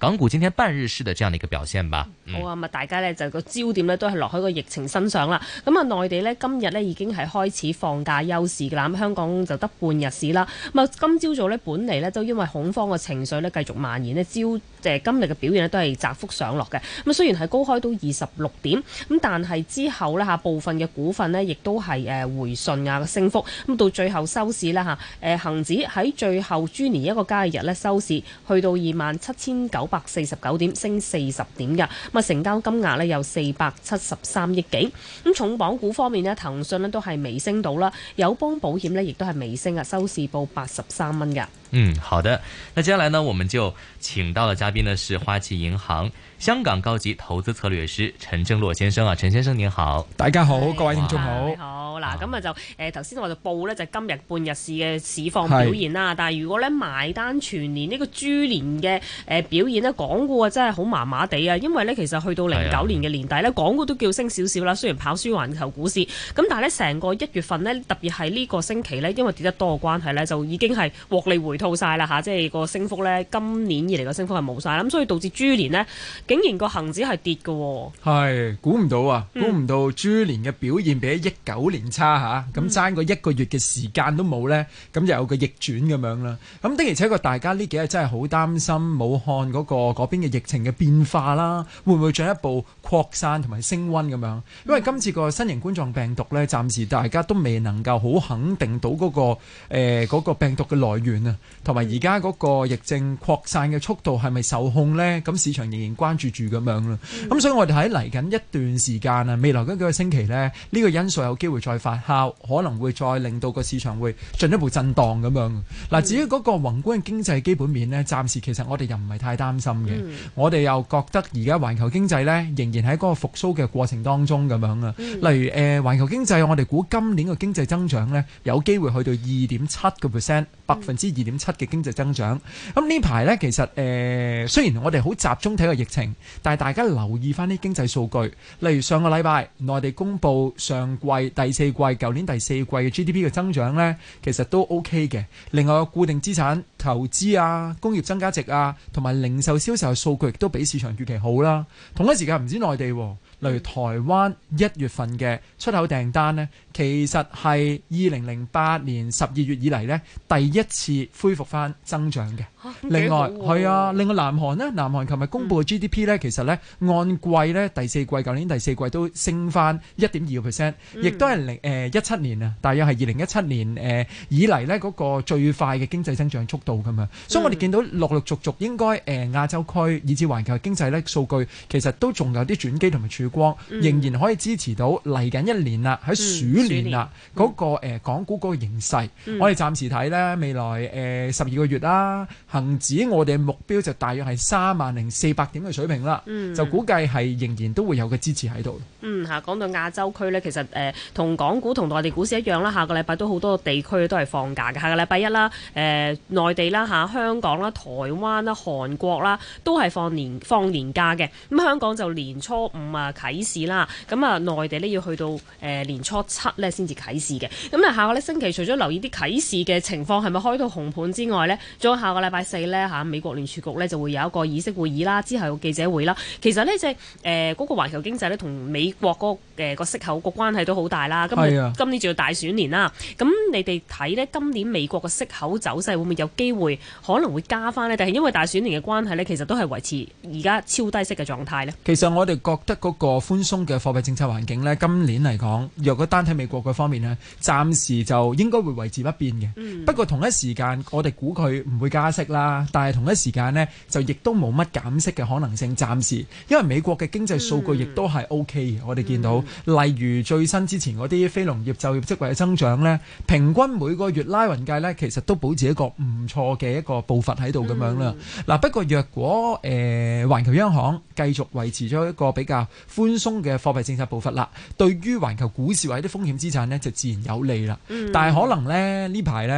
港股今天半日市的這樣的一個表現吧、嗯。好啊，大家呢就個焦點呢都係落喺個疫情身上啦。咁啊內地呢今日呢已經係開始放假休市噶啦，咁香港就得半日市啦。咁啊今朝早呢本嚟呢都因為恐慌嘅情緒呢繼續蔓延呢，朝誒、呃、今日嘅表現呢都係窄幅上落嘅。咁雖然係高開到二十六點，咁但係之後呢吓部分嘅股份呢亦都係誒回順啊升幅，咁到最後收市啦吓誒恒指喺最後豬年一個交易日呢收市去到二萬七千九。百四十九點，升四十點嘅。咁啊成交金額咧有四百七十三億幾，咁重磅股方面咧，騰訊咧都係微升到啦，友邦保險咧亦都係微升啊，收市報八十三蚊嘅。嗯，好的。那接下來呢，我們就請到了嘉的嘉賓呢是花旗銀行香港高級投資策略師陳正犖先生啊，陳先生您好，大家好，各位聽眾好。好嗱，咁啊就誒頭先我就報咧就是，今日半日市嘅市況表現啦，但係如果咧埋單全年呢，這個豬年嘅誒表現咧，港股啊真係好麻麻地啊，因為咧其實去到零九年嘅年底咧，港、哎、股都叫升少少啦，雖然跑輸環球股市，咁但係咧成個一月份咧，特別係呢個星期咧，因為跌得多嘅關係咧，就已經係獲利回套曬啦嚇，即係個升幅咧，今年以嚟個升幅係冇曬咁，所以導致豬年咧，竟然個恆指係跌嘅喎。係估唔到啊，估唔到豬年嘅表現比一九年差嚇，咁爭過一個月嘅時間都冇咧，咁就有個逆轉咁樣啦。咁的而且確，大家呢幾日真係好擔心武漢嗰個嗰邊嘅疫情嘅變化啦，會唔會進一步擴散同埋升溫咁樣？因為今次個新型冠狀病毒咧，暫時大家都未能夠好肯定到嗰個誒嗰個病毒嘅來源啊。同埋而家嗰個疫症擴散嘅速度係咪受控咧？咁市場仍然關注住咁樣啦。咁所以我哋喺嚟緊一段時間啊，未來嗰幾個星期咧，呢個因素有機會再發酵，可能會再令到個市場會進一步震盪咁樣。嗱，至於嗰個宏觀嘅經濟基本面咧，暫時其實我哋又唔係太擔心嘅。我哋又覺得而家環球經濟咧，仍然喺嗰個復甦嘅過程當中咁樣啊。例如誒，環球經濟我哋估今年嘅經濟增長咧，有機會去到二點七個 percent，百分之二點七嘅經濟增長咁呢排呢，其實誒、呃，雖然我哋好集中睇個疫情，但係大家留意翻啲經濟數據，例如上個禮拜內地公布上季第四季、舊年第四季嘅 GDP 嘅增長呢，其實都 OK 嘅。另外個固定資產投資啊、工業增加值啊，同埋零售銷售的數據亦都比市場預期好啦、啊。同一時間唔止內地、啊。例如台灣一月份嘅出口訂單呢，其實係二零零八年十二月以嚟呢，第一次恢復翻增長嘅。另外係啊，另外南韓咧，南韓琴日公布嘅 GDP 咧，其實咧按季咧第四季，舊年第四季都升翻一點二個 percent，亦都係零誒一七年啊，大約係二零一七年誒以嚟咧嗰個最快嘅經濟增長速度㗎嘛。所以我哋見到陸陸續續應該誒亞洲區以至環球經濟咧數據，其實都仲有啲轉機同埋曙光，仍然可以支持到嚟緊一年啦，喺鼠年啦嗰個誒港股嗰個形勢。我哋暫時睇咧未來誒十二個月啦。恒指我哋目標就大約係三萬零四百點嘅水平啦、嗯，就估計係仍然都會有嘅支持喺度。嗯，嚇，講到亞洲區呢，其實同、呃、港股同內地股市一樣啦，下個禮拜都好多地區都係放假嘅。下個禮拜一啦，誒、呃、內地啦、呃、香港啦、呃、台灣啦、韓國啦，都係放年放年假嘅。咁、嗯、香港就年初五啊啟市啦，咁啊內、嗯、地呢，要去到、呃、年初七呢先至啟市嘅。咁啊下個星期，除咗留意啲啟市嘅情況係咪開到紅盤之外呢，仲有下個禮拜。四咧嚇，美國聯儲局咧就會有一個議息會議啦，之後有記者會啦。其實呢即係誒嗰個環球經濟咧，同美國嗰誒個息口個關係都好大啦。係今年仲要大選年啦。咁你哋睇呢今年美國個息口走勢會唔會有機會可能會加翻呢？但係因為大選年嘅關係呢，其實都係維持而家超低息嘅狀態呢。其實我哋覺得嗰個寬鬆嘅貨幣政策環境呢，今年嚟講，若果單睇美國嗰方面呢，暫時就應該會維持不變嘅。嗯。不過同一時間，我哋估佢唔會加息。啦，但係同一時間呢，就亦都冇乜減息嘅可能性，暫時。因為美國嘅經濟數據亦都係 OK，我哋見到，例如最新之前嗰啲非農業就業職位嘅增長呢，平均每個月拉勻計呢，其實都保持一個唔錯嘅一個步伐喺度咁樣啦。嗱、嗯，不過若果誒，呃、環球央行繼續維持咗一個比較寬鬆嘅貨幣政策步伐啦，對於環球股市或者風險資產呢，就自然有利啦、嗯。但係可能呢呢排呢，誒、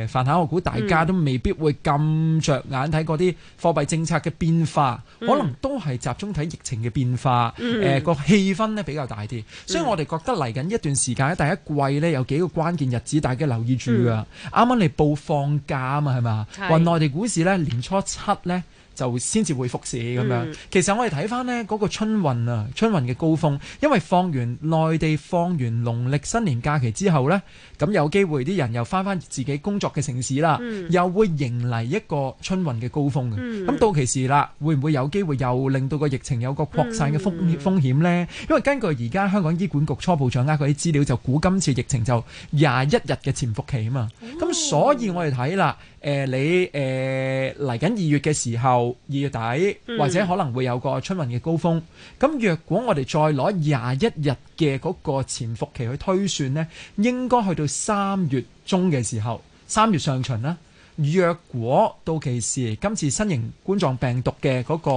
呃，凡客我估大家都未必會夠。咁着眼睇嗰啲貨幣政策嘅變化，嗯、可能都係集中睇疫情嘅變化。誒個、嗯呃、氣氛咧比較大啲，嗯、所以我哋覺得嚟緊一段時間喺第一季咧有幾個關鍵日子，大家留意住㗎！啱啱你報放假啊嘛，係咪？話是內地股市咧年初七呢，就先至會復市咁樣。其實我哋睇翻呢嗰個春運啊，春運嘅高峰，因為放完內地放完農曆新年假期之後呢，咁有機會啲人又翻翻自己工作嘅城市啦，又會迎嚟一個春運嘅高峰嘅。咁到其時啦，會唔會有機會又令到個疫情有個擴散嘅風風險呢？因為根據而家香港醫管局初步掌握嗰啲資料，就估今次疫情就廿一日嘅潛伏期啊嘛。咁所以我哋睇啦。誒、呃、你誒嚟緊二月嘅時候，二月底，嗯、或者可能會有個春運嘅高峰。咁若果我哋再攞廿一日嘅嗰個潛伏期去推算呢，應該去到三月中嘅時候，三月上旬啦。若果到期時今次新型冠狀病毒嘅嗰個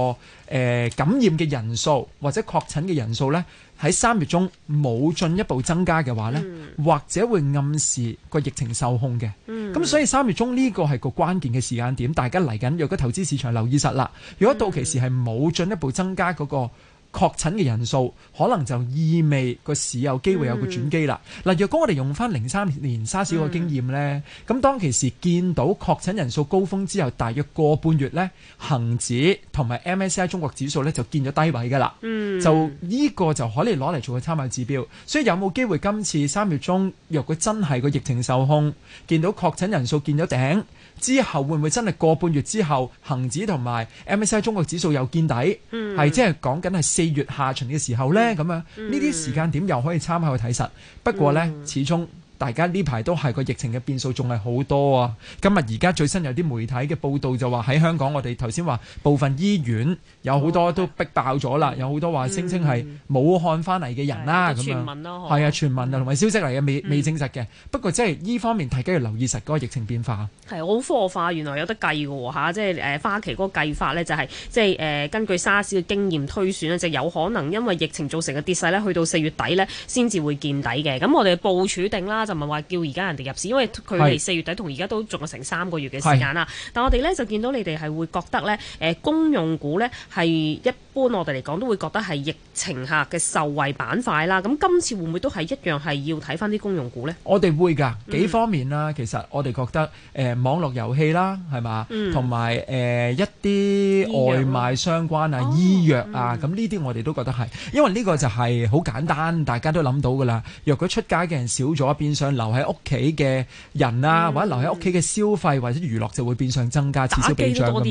誒感染嘅人數或者確診嘅人數呢，喺三月中冇進一步增加嘅話呢，或者會暗示個疫情受控嘅。咁所以三月中呢個係個關鍵嘅時間點，大家嚟緊若果投資市場留意實啦。如果到期時係冇進一步增加嗰個。確診嘅人數可能就意味個市有機會有個轉機啦。嗱、嗯，若果我哋用翻零三年沙士嘅經驗呢，咁當其時見到確診人數高峰之後，大約個半月呢，恒指同埋 MSCI 中國指數呢就見咗低位噶啦。嗯，就呢個就可以攞嚟做個參考指標。所以有冇機會今次三月中，若果真係個疫情受控，見到確診人數見咗頂？之後會唔會真係過半月之後，恒指同埋 MSCI 中國指數又見底？係即係講緊係四月下旬嘅時候呢。咁樣呢啲時間點又可以參考去睇實。不過呢，嗯、始終。大家呢排都係個疫情嘅變數，仲係好多啊！今日而家最新有啲媒體嘅報道就話喺香港，我哋頭先話部分醫院有好多都逼爆咗啦、哦啊，有好多話聲稱係武漢翻嚟嘅人啦、啊，咁、嗯、樣係啊，傳聞啊，同埋、啊啊嗯、消息嚟、啊、嘅，未未證實嘅、嗯。不過即係呢方面大家要留意實嗰個疫情變化。係，好科學化，原來有得計喎、啊、即係、呃、花期嗰個計法咧、就係，就係即係、呃、根據沙士嘅經驗推算咧，就係、有可能因為疫情造成嘅跌勢咧，去到四月底咧先至會見底嘅。咁我哋係部署定啦。就唔係話叫而家人哋入市，因為佢哋四月底同而家都仲有成三個月嘅時間啦。但係我哋咧就見到你哋係會覺得咧，誒公用股咧係一般我哋嚟講都會覺得係疫情下嘅受惠板塊啦。咁今次會唔會都係一樣係要睇返啲公用股咧？我哋會噶，幾方面啦。其實我哋覺得，誒網絡遊戲啦，係嘛，同埋誒一啲外賣相關啊、醫藥啊，咁呢啲我哋都覺得係，因為呢個就係好簡單，大家都諗到噶啦。若果出街嘅人少咗一邊。想留喺屋企嘅人啊、嗯，或者留喺屋企嘅消費或者娛樂就會變相增加，此消彼長啊嘛。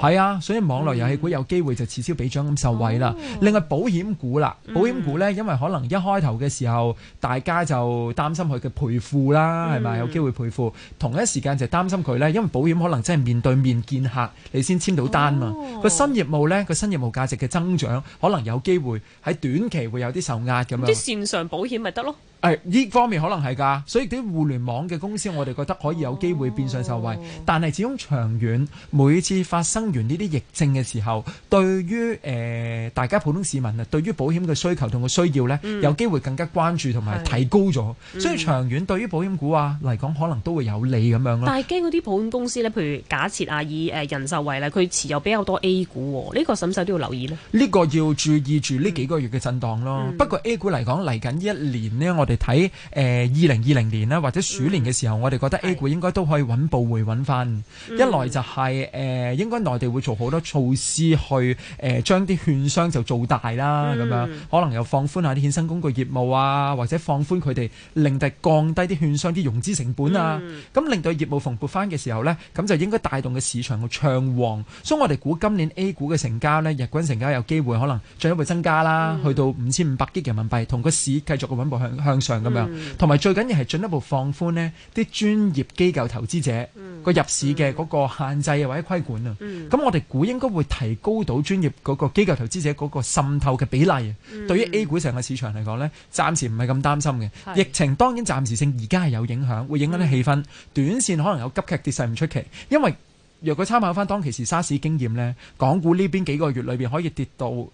係啊，所以網絡遊戲股有機會就此消彼長咁受惠啦、哦。另外保險股啦，保險股呢，因為可能一開頭嘅時候大家就擔心佢嘅賠付啦，係、嗯、咪有機會賠付？同一時間就擔心佢呢，因為保險可能真係面對面見客，你先簽到單嘛。個、哦、新業務呢，個新業務價值嘅增長可能有機會喺短期會有啲受壓咁、嗯、樣。啲線上保險咪得咯。係、哎、呢方面可能係㗎，所以啲互聯網嘅公司我哋覺得可以有機會變相受惠，哦、但係始終長遠每次發生完呢啲疫症嘅時候，對於、呃、大家普通市民啊，對於保險嘅需求同埋需要呢、嗯、有機會更加關注同埋提高咗，所以長遠對於保險股啊嚟講，可能都會有利咁樣咯。但係驚嗰啲保險公司呢，譬如假設啊，以人壽為例，佢持有比較多 A 股，呢、這個審手都要留意呢呢、這個要注意住呢幾個月嘅震盪咯、嗯。不過 A 股嚟講嚟緊呢一年呢。我。我哋睇誒二零二零年啦，或者鼠年嘅時候，嗯、我哋覺得 A 股應該都可以穩步回穩翻、嗯。一來就係、是、誒、呃、應該內地會做好多措施去誒、呃、將啲券商就做大啦，咁、嗯、樣可能又放寬一下啲衍生工具業務啊，或者放寬佢哋令到降低啲券商啲融資成本啊，咁、嗯、令到業務蓬勃翻嘅時候咧，咁就應該帶動嘅市場嘅暢旺。所以我哋估今年 A 股嘅成交咧，日均成交有機會可能進一步增加啦，嗯、去到五千五百億人民幣，同個市繼續嘅穩步向向。上咁樣，同埋最緊要係進一步放寬呢啲專業機構投資者個入市嘅嗰個限制啊，或者規管啊。咁、嗯嗯、我哋估應該會提高到專業嗰個機構投資者嗰個滲透嘅比例。嗯、對於 A 股成個市場嚟講呢，暫時唔係咁擔心嘅。疫情當然暫時性而家係有影響，會影響啲氣氛，嗯，短線可能有急劇跌勢唔出奇，因為。若佢參考翻當其時沙士 r s 經驗咧，港股呢邊幾個月裏邊可以跌到二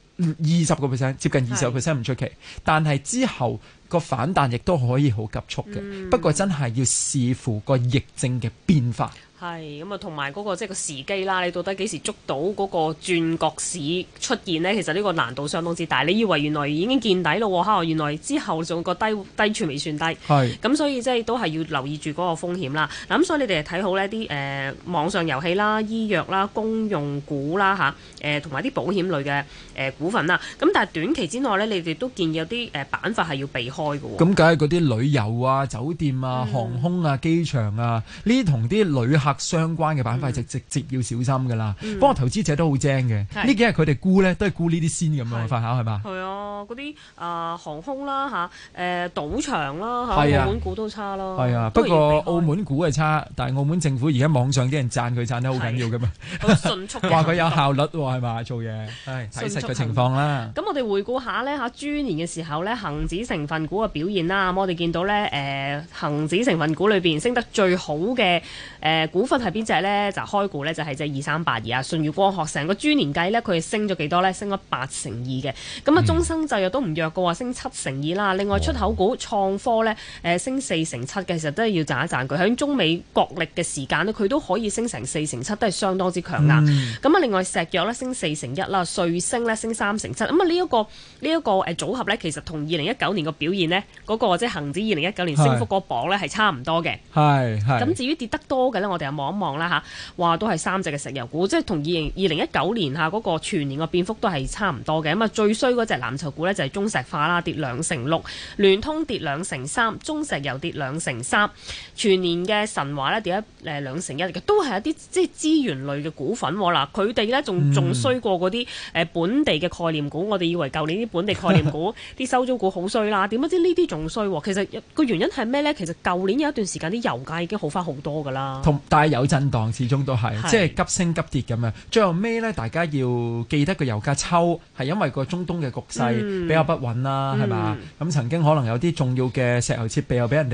十個 percent，接近二十個 percent 唔出奇。但係之後個反彈亦都可以好急速嘅、嗯，不過真係要視乎個疫症嘅變化。係咁啊，同埋嗰個即係個時機啦，你到底幾時捉到嗰個轉角市出現呢？其實呢個難度相當之大。你以為原來已經見底咯，原來之後仲個低低處未算低。係咁，所以即係都係要留意住嗰個風險啦。嗱，咁所以你哋睇好呢啲誒網上遊戲啦、醫藥啦、公用股啦、同埋啲保險類嘅、呃、股份啦。咁但係短期之內呢，你哋都建議有啲誒板塊係要避開㗎喎。咁梗係嗰啲旅遊啊、酒店啊、航空啊、機場啊，呢啲同啲旅行。拍相關嘅板塊就直、直接要小心噶啦，不、嗯、過投資者都好精嘅，嗯、幾呢幾日佢哋估咧都係估呢啲先咁樣嘅法考係嘛？係啊，嗰啲啊航空啦吓，誒賭場啦、啊、澳門股都差咯。係啊，不過澳門股係差，但係澳門政府而家網上啲人讚佢讚得好緊要噶嘛迅的 他、啊，迅速話佢有效率喎，係嘛做嘢，睇實嘅情況啦。咁我哋回顧下呢，吓，豬年嘅時候呢，恒指成分股嘅表現啦，咁我哋見到呢，誒恒指成分股裏邊升得最好嘅誒。呃股份係邊隻呢？開就開股呢，就係隻二三八二啊，舜宇光學成個豬年計呢，佢係升咗幾多少呢？升咗八成二嘅。咁啊，中生製藥都唔弱嘅喎、嗯，升七成二啦。另外出口股創科呢，誒升四成七嘅，其實都係要賺一賺佢。喺中美角力嘅時間呢，佢都可以升成四成七，都係相當之強硬。咁、嗯、啊，另外石藥呢，升四成一啦，瑞星呢，升三成七。咁啊，呢一個呢一個誒組合呢，其實同二零一九年嘅表現呢，嗰、那個或者恆指二零一九年升幅嗰榜呢，係差唔多嘅。係咁至於跌得多嘅呢，我哋。望一望啦吓，話都係三隻嘅石油股，即係同二零二零一九年吓嗰個全年嘅變幅都係差唔多嘅。咁啊，最衰嗰隻藍籌股呢，就係中石化啦，跌兩成六；聯通跌兩成三，中石油跌兩成三。全年嘅神華呢，跌 1, 一誒兩成一嘅，都係一啲即係資源類嘅股份喎嗱。佢哋呢仲仲衰過嗰啲誒本地嘅概念股。我哋以為舊年啲本地概念股啲 收租股好衰啦，點解知呢啲仲衰。其實個原因係咩呢？其實舊年有一段時間啲油價已經好返好多㗎啦。有震盪，始終都係即係急升急跌咁樣，最後尾呢，大家要記得個油價抽，係因為個中東嘅局勢比較不穩啦，係嘛？咁曾經可能有啲重要嘅石油設備又俾人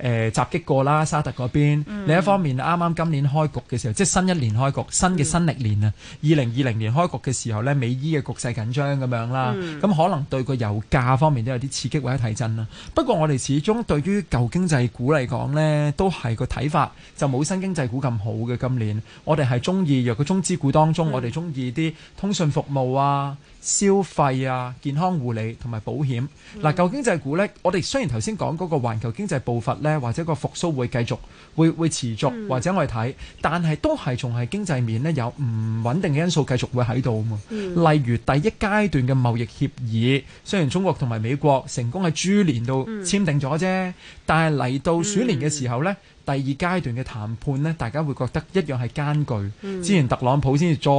哋襲擊過啦，沙特嗰邊。另一方面，啱啱今年開局嘅時候，新一年開局，新嘅新歷年2020股咁好嘅今年，我哋係中意若果中資股當中，我哋中意啲通訊服務啊、消費啊、健康護理同埋保險。嗱、嗯，舊經濟股呢，我哋雖然頭先講嗰個環球經濟步伐呢，或者個復蘇會繼續會會持續，嗯、或者我哋睇，但係都係仲係經濟面呢，有唔穩定嘅因素繼續會喺度啊嘛。例如第一階段嘅貿易協議，雖然中國同埋美國成功喺豬年度簽訂咗啫，但係嚟到鼠年嘅時候呢。嗯第二階段嘅談判呢，大家會覺得一樣係艱巨，嗯，之前特朗普先至再，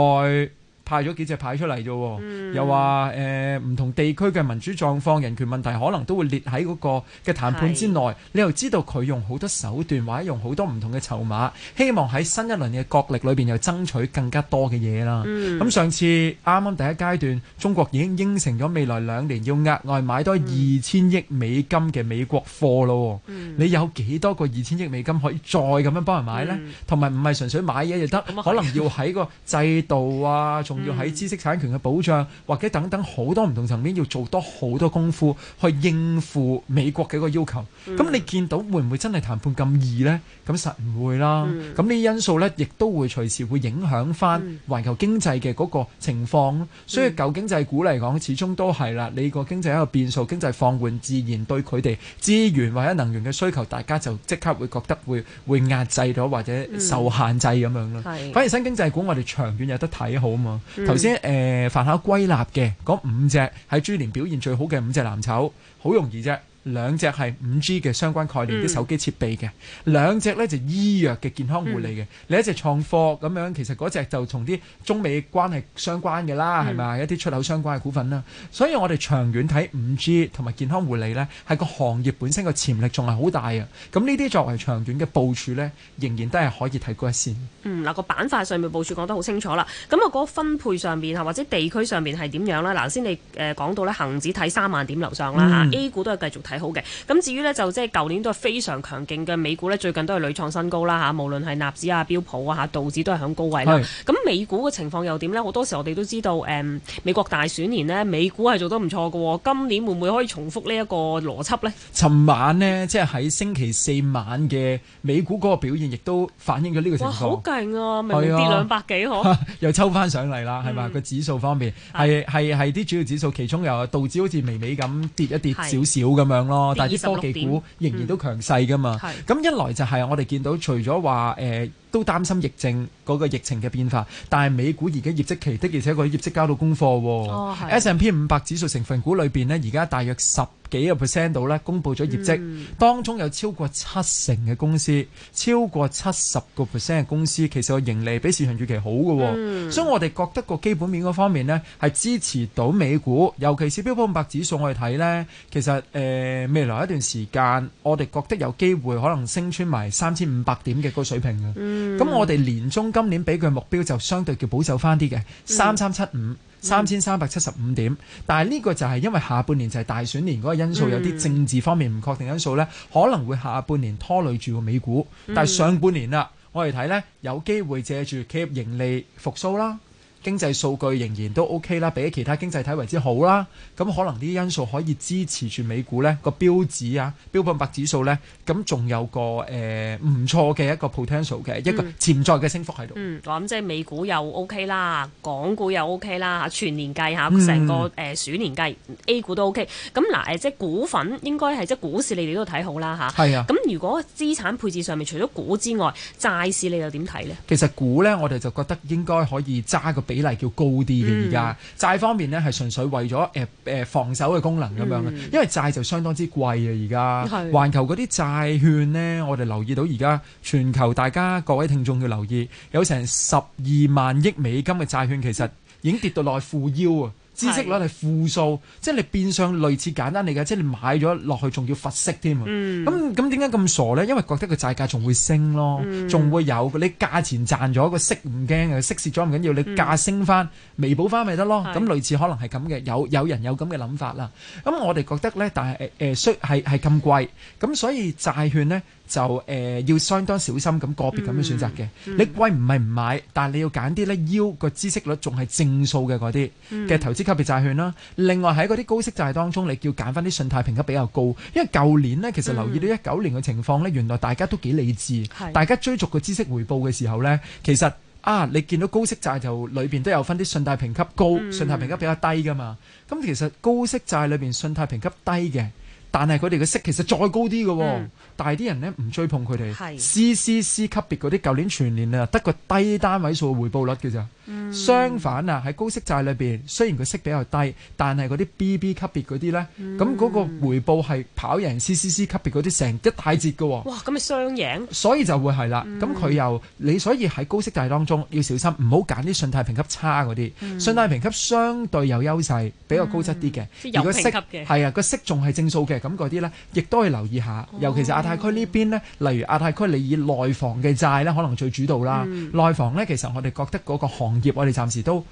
派咗幾隻牌出嚟啫、嗯，又話誒唔同地區嘅民主狀況、人權問題，可能都會列喺嗰個嘅談判之內。你又知道佢用好多手段，或者用好多唔同嘅籌碼，希望喺新一輪嘅角力裏邊又爭取更加多嘅嘢啦。咁、嗯、上次啱啱第一階段，中國已經應承咗未來兩年要額外買多二千億美金嘅美國貨啦、嗯。你有幾多個二千億美金可以再咁樣幫人買呢？同埋唔係純粹買嘢就得，可能要喺個制度啊，仲要喺知識產權嘅保障，或者等等好多唔同層面，要做多好多功夫去應付美國嘅一個要求。咁、嗯、你見到會唔會真係談判咁易呢？咁實唔會啦。咁、嗯、呢因素呢，亦都會隨時會影響翻環球經濟嘅嗰個情況。所以舊經濟股嚟講，始終都係啦。你個經濟一個變數，經濟放緩，自然對佢哋資源或者能源嘅需求，大家就即刻會覺得會會壓制咗，或者受限制咁樣咯。嗯、反而新經濟股，我哋長遠有得睇好嘛。頭先誒，犯下、呃、歸納嘅嗰五隻係豬年表現最好嘅五隻藍籌，好容易啫。兩隻係五 G 嘅相關概念啲、嗯、手機設備嘅，兩隻呢就醫藥嘅健康護理嘅，另一隻創科咁樣。其實嗰隻就同啲中美關係相關嘅啦，係、嗯、咪一啲出口相關嘅股份啦。所以我哋長遠睇五 G 同埋健康護理呢，係個行業本身個潛力仲係好大啊。咁呢啲作為長遠嘅部署呢，仍然都係可以睇高一線。嗯，嗱、那個板塊上面的部署講得好清楚啦。咁啊，個分配上面啊，或者地區上面係點樣咧？嗱，先你誒講到呢，恒指睇三萬點樓上啦、嗯、A 股都係繼續睇。好嘅，咁至於呢，就即係舊年都係非常強勁嘅美股呢，最近都係屢創新高啦嚇，無論係納指啊、標普啊、道指都係喺高位啦。咁美股嘅情況又點呢？好多時我哋都知道、嗯、美國大選年呢，美股係做得唔錯喎。今年會唔會可以重複呢一個邏輯呢？尋晚呢，即係喺星期四晚嘅美股嗰個表現，亦都反映咗呢個情況。哇，好勁啊！明明跌兩百幾，啊、 又抽翻上嚟啦，係、嗯、嘛？個指數方面係係啲主要指數，其中又道指好似微微咁跌一跌少少咁樣。咯，但係啲科技股仍然都強勢噶嘛。咁、嗯、一來就係我哋見到除，除咗話。誒。都擔心疫症嗰、那個疫情嘅變化，但係美股而家業績期的，而且佢業績交到功課喎。S&P 五百指數成分股裏面呢，而家大約十幾個 percent 度呢，公佈咗業績、嗯，當中有超過七成嘅公司，超過七十個 percent 嘅公司，其實個盈利比市場預期好嘅、嗯。所以我哋覺得個基本面嗰方面呢，係支持到美股，尤其是標普五百指數，我哋睇呢，其實、呃、未來一段時間，我哋覺得有機會可能升穿埋三千五百點嘅嗰水平嘅。嗯。咁、嗯、我哋年中今年俾佢目標就相對叫保守翻啲嘅，三三七五，三千三百七十五點。嗯、但係呢個就係因為下半年就係大選年嗰個因素，嗯、有啲政治方面唔確定因素呢，可能會下半年拖累住個美股。嗯、但係上半年啦，我哋睇呢，有機會借住企業盈利復甦啦。經濟數據仍然都 OK 啦，比起其他經濟體為之好啦。咁可能呢啲因素可以支持住美股咧、呢個標指啊、標普百指數咧，咁仲有一個誒唔錯嘅一個 potential 嘅、嗯、一個潛在嘅升幅喺度。我、嗯、諗、嗯、即係美股又 OK 啦，港股又 OK 啦嚇，全年計嚇，成個誒鼠年計、嗯、A 股都 OK。咁嗱誒，即係股份應該係即係股市你睇好，你哋都睇好啦吓，係啊。咁如果資產配置上面除咗股之外，債市你又點睇咧？其實股咧，我哋就覺得應該可以揸個比比例叫高啲嘅。而家債方面呢，係純粹為咗誒誒防守嘅功能咁樣嘅，嗯、因為債就相當之貴啊。而家，環球嗰啲債券呢，我哋留意到而家全球，大家各位聽眾要留意，有成十二萬億美金嘅債券，其實已經跌到落去負腰啊！息率係負數，即係你變相類似簡單嚟㗎，即係你買咗落去仲要罰息添啊！咁咁點解咁傻咧？因為覺得個債價仲會升咯，仲會有嗰啲價錢賺咗個息唔驚嘅，息蝕咗唔緊要，你價升翻彌補翻咪得咯。咁類似可能係咁嘅，有有人有咁嘅諗法啦。咁我哋覺得咧，但係誒需係係咁貴，咁所以債券咧。就誒要相當小心咁個別咁樣選擇嘅，你貴唔係唔買，但係你要揀啲咧，要個孳息率仲係正數嘅嗰啲嘅投資級別債券啦。另外喺嗰啲高息債當中，你要揀翻啲信貸評級比較高，因為舊年呢其實留意到一九年嘅情況呢，原來大家都幾理智，大家追逐個孳息回報嘅時候呢，其實啊你見到高息債就裏邊都有分啲信貸評級高、信貸評級比較低噶嘛，咁其實高息債裏邊信貸評級低嘅。但係佢哋嘅息其實再高啲嘅，但係啲人咧唔追捧佢哋。CCC 級別嗰啲，舊年全年啊得個低單位數嘅回報率嘅咋。相反啊，喺高息債裏邊，雖然佢息比較低，但係嗰啲 BB 級別嗰啲咧，咁嗰個回報係跑贏 CCC 級別嗰啲成一大截嘅。哇！咁咪雙贏。所以就會係啦。咁佢又你所以喺高息債當中要小心，唔好揀啲信貸評級差嗰啲。信貸評級相對有優勢，比較高質啲嘅。啲有評級嘅。係啊，個息仲係正數嘅。咁嗰啲呢，亦都可以留意下、哦，尤其是亞太區呢邊呢、哦、例如亞太區，你以內房嘅債呢，可能最主導啦。嗯、內房呢，其實我哋覺得嗰個行業，我哋暫時都誒、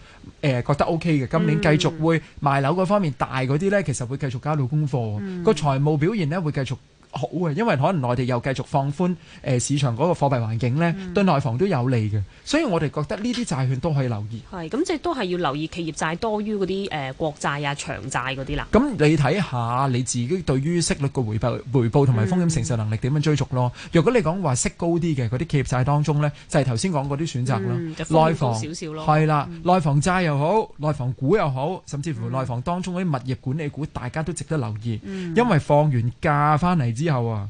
呃、覺得 O K 嘅。今年繼續會賣樓嗰方面大嗰啲呢，其實會繼續交到功課。嗯，個財務表現呢，會繼續。好啊，因為可能內地又繼續放寬誒市場嗰個貨幣環境呢、嗯、對內房都有利嘅，所以我哋覺得呢啲債券都可以留意。係，咁即係都係要留意企業債多於嗰啲誒國債啊、長債嗰啲啦。咁你睇下你自己對於息率嘅回報、回報同埋風險承受能力點樣追逐咯、嗯。如果你講話息高啲嘅嗰啲企業債當中呢，就係頭先講嗰啲選擇咯。嗯、咯內房少少係啦、嗯，內房債又好，內房股又好，甚至乎內房當中嗰啲物業管理股，大家都值得留意，嗯、因為放完假翻嚟。之後啊。